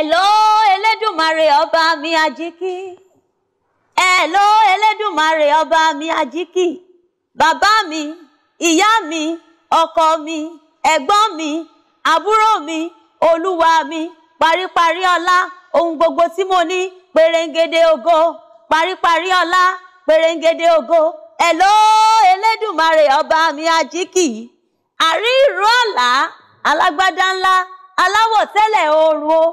Hello Elédùmarè ọba mi ajíkí Hello Elédùmarè ọba mi ajíkí bàbá mi ìyá mi ọkọ mi ẹ̀gbọ́n mi àbúrò mi olúwa mi paríparí ọlá ohun gbogbo tí mo ní pèrèngede ògo paríparí ọlá pèrèngede ògo Hello Elédùmarè ọba mi ajíkí àrí ìró àlá alágbádá ńlá aláwọ̀ tẹ́lẹ̀ oorun o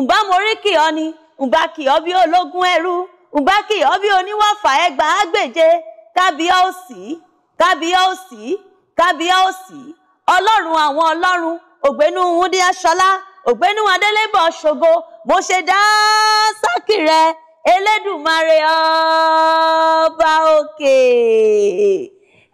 ǹbá morí kì ọ ni ǹbá kì ọ bí ológun ẹrú ǹbá kì ọ bí oníwàfà ẹgbàá àgbèje kábíyá òsì kábíyá òsì kábíyá òsì ọlọ́run àwọn ọlọ́run ògbénú wúndí aṣọlá ògbénú adélébọ̀ ṣògo mo ṣe dá sákì rẹ elédùmarè ọba òkè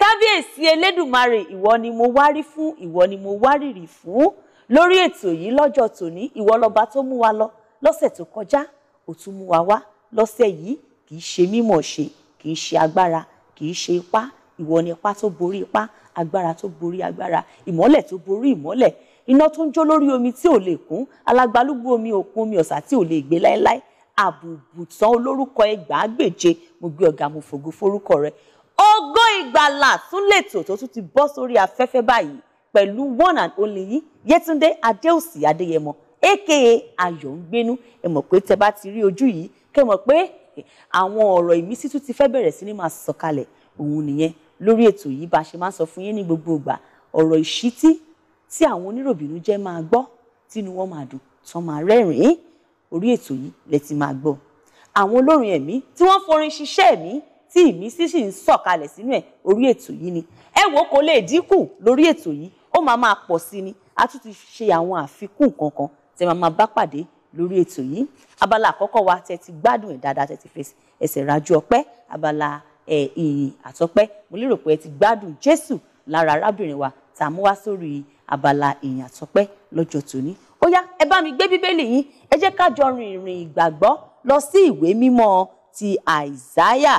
kábíyèsí elédùmarè ìwọ ni mo wárí fún ìwọ ni mo wárìrì fún lórí ètò yìí lọ́jọ́ tòní ìwọ lọba tó mú wa lọ lọ́sẹ̀ tó kọjá ò tún mú wa wá lọ́sẹ̀ yìí kì í ṣe mímọ̀ ṣe kì í ṣe agbára kì í ṣe ipá ìwọ ni ipá tó borí ipá agbára tó borí agbára ìmọ́lẹ̀ tó borí ìmọ́lẹ̀ iná tó ń jó lórí omi tí ò lè kún alágbálúgbú omi òkun omi ọ̀sà tí ò lè gbé láéláé àbùbùtán olórúkọ ẹgbàágbèje mo gbé ọ̀gá mo fògo forúkọ rẹ ògo ìgbàlà tún lètò tó tún ti bọ́ sórí afẹ́fẹ́ báyìí pẹ̀lú one and only yìí Yétúndé Adéòsì Adéyẹmọ aka Ayọ̀ǹgbénú ẹ mọ̀ pé tẹ bá ti rí ojú yìí kẹ́ mọ̀ pé eh, àwọn ọ̀rọ̀ ìmísí tún ti fẹ́ bẹ̀rẹ̀ sí ni máa sọ̀kalẹ̀ òun nìyẹn lórí ètò yìí bá a ṣe máa ń sọ fún yín ní gbogbo ìgbà ọ̀rọ̀ ìṣítí tí àwọn oníròbìnú jẹ́ máa gbọ́ tínú wọn máa dùn tán máa rẹ́rìn-ín orí ètò yìí lẹ ti máa gbọ́ àwọn olórin ẹ̀mí tí wọ́n forin ṣiṣẹ́ ẹ̀mí tí ìmísí sì ń sọ̀kalẹ̀ sínú ẹ̀ orí ètò yìí ni ẹ wò lè dínkù lórí ètò yìí wọ́n máa máa pọ̀ sí ni a tún ti ṣe àwọn àfikún kankan tẹ́ máa máa bá pàdé lórí ètò yìí abala àkọ́kọ́ wa tẹ́ ti gbádùn ẹ̀ dáadáa tẹ́ ti fẹsẹ̀ ẹsẹ̀ rájú ọpẹ́ abala ẹ̀ ìyìn àtọpẹ́ mo lérò pé ẹ ti gbádùn Jésù lára arábìnrin wa tá a mú wá sórí abala ìyìn àtọpẹ́ lọ́jọ́ tòní ó yá ẹ bá mi gbé bíbélì yín ẹ jẹ́ ká jọ rin ìrìn ìgbàgbọ́ lọ sí ìwé mímọ́ ti àìsáyà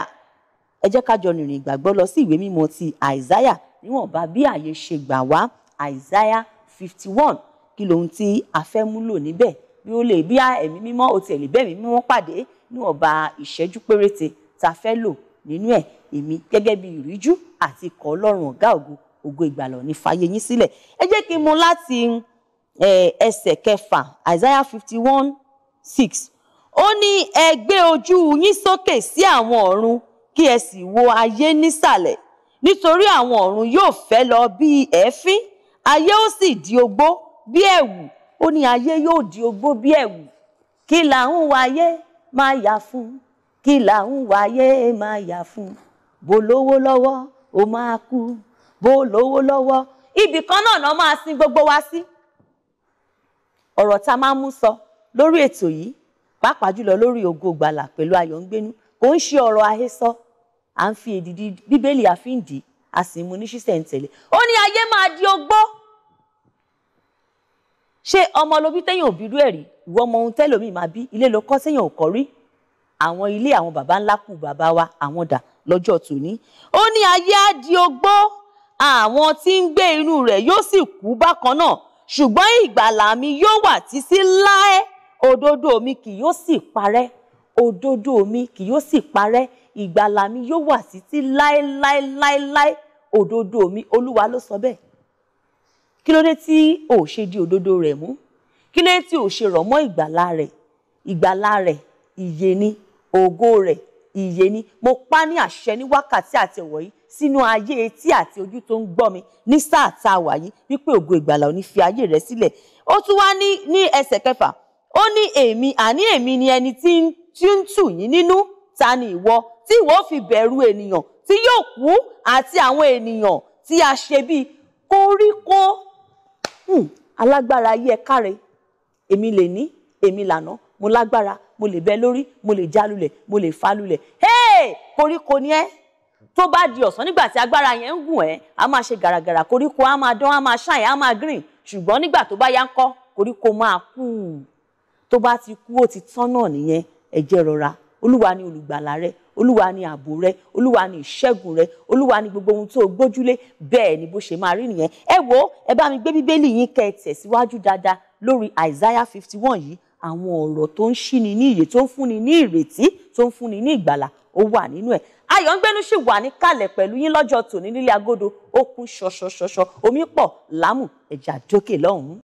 ẹ jẹ́ ká jọ rin ìrìn ìgbàgbọ́ lọ sí ìwé mímọ́ ti àìsáyà níwọ̀nba bí ààyè ṣe gbà wá Isaiah fifty one kí lohun tí a fẹ́ múlò níbẹ̀ bí ó lè bí ẹ̀mí mímọ́ o tiẹ̀ lè bẹ́ẹ̀ mi mímọ́ pàdé níwọ̀nba ìṣẹ́jú péréte ta fẹ́ lò nínú ẹ̀ èmi gẹ́gẹ́ bí ìríjú àti ikọ̀ ọlọ́run ọ̀gá ògo ògo ìgbàlọ̀ ní fàyè yín sílẹ̀ ẹ jẹ́ kí n mú láti ẹsẹ̀ kẹfà Isaiah fifty one six ó ní ẹ gbé ojú yín sókè sí àwọn ọ̀run kí ẹ sì wo ayé nísàlẹ̀ nítorí àwọn ọ̀run yóò fẹ́ lọ bí èéfín ayé ó sì di ogbó bí ẹ̀wù ó ní ayé yóò di ogbó bí ẹ̀wù kí là ń wáyé máa yà fún kí là ń wáyé máa yà fún bó lówó lọ́wọ́ ó máa kú bó lówó lọ́wọ́ ibì kan náà náà máa sin gbogbo wa sí ọ̀rọ̀ tá a máa mú sọ lórí ètò yìí pàápàá jùlọ lórí Ògo Ìgbàlà pẹ̀lú Ayọ̀ńgbénú kò ń ṣe ọ̀rọ̀ àhesọ à ń fi èdìdì Bíbélì àfíǹdì a sì mú ní ṣísẹ̀ntẹ̀lé ó ní ayé máa di ogbó ṣé ọmọ ló bí téèyàn ò bí rú ẹ̀ rí ìwọ ọmọ ohun tẹ́lòmíì máa bí ilé ló kọ́ séèyàn ò kọ́ rí àwọn ilé àwọn baba ńlá kù baba wa àwọn dà lọ́jọ́ tòní ó ní ayé á di ogbó àwọn tí ń gbé inú rẹ̀ yóò sì kú bákan náà ṣùgbọ́n ìgbàlà mi yóò wà títí láé òdodo mi kì yóò sì parẹ́ òdodo mi kì yóò sì parẹ́ ìgbàlà mi yóò wà títí láéláéláéláé òdodo mi olúwa ló sọ bẹ́ẹ̀ kí ló dé tí ò ṣe di òdodo rẹ̀ mú kí ló dé tí ò ṣe rọ̀ mọ́ ìgbàlà rẹ̀ ìgbàlà rẹ̀ ìyè ni ògo rẹ̀ ìyè ni mo pa ní àṣẹ ní wákàtí àti ọ̀wọ̀ yìí sínú ayé etí àti ojú tó ń gbọ́ mi ní sáà tá a wà yìí wípé ògo ìgbàlà ò fi ayé rẹ̀ sílẹ̀ ó tún wá ní ní ẹsẹ̀ kẹfà ó ní èmi àní èmi ni ẹni tí ń tí ń tù yín nínú ta ni ìwọ tí ìwọ fi bẹ̀rù ènìyàn tí yóò kú àti àwọn ènìyàn tí a ṣe bíi koríko alágbára ayé ẹ káre èmi lè ní èmi lànà mo lágbára mo lè bẹ lórí mo lè jálulẹ̀ mo lè falulẹ̀ hey koríko ni ẹ́ tó bá di ọ̀sán nígbà tí agbára yẹn ń gùn ẹ́ a máa ṣe gàràgàrà koríko a máa dán a máa ṣàyẹ̀ a máa green ṣùgbọ́n nígbà tó bá yá ń kọ́ koríko máa kú tó bá ti kú ó ti tán náà nìyẹn ẹ rọra olúwa ni olùgbàlà rẹ olúwa ni ààbò rẹ olúwa ni ìṣẹ́gun rẹ olúwa ni gbogbo ohun tó o gbójúlé bẹ́ẹ̀ ni bó ṣe máa rí nìyẹn ẹ wo ẹ bá mi gbé bíbélì yín kẹ́ ẹ tẹ̀síwájú dáadáa lórí Isaiah fifty one yìí àwọn ọ̀rọ̀ tó ń ni ní ìyè tó ń fúnni ní ìrètí tó ń fúnni ní ìgbàlà ó wà nínú ẹ̀ Ayọ̀ngbénu sì wà níkàlẹ̀ pẹ̀lú yín lọ́jọ́ tòní nílé agodo ó kún ṣọṣọṣọṣọ omi pọ̀ lámù ẹ̀jà dókè lọ́hùn-ún.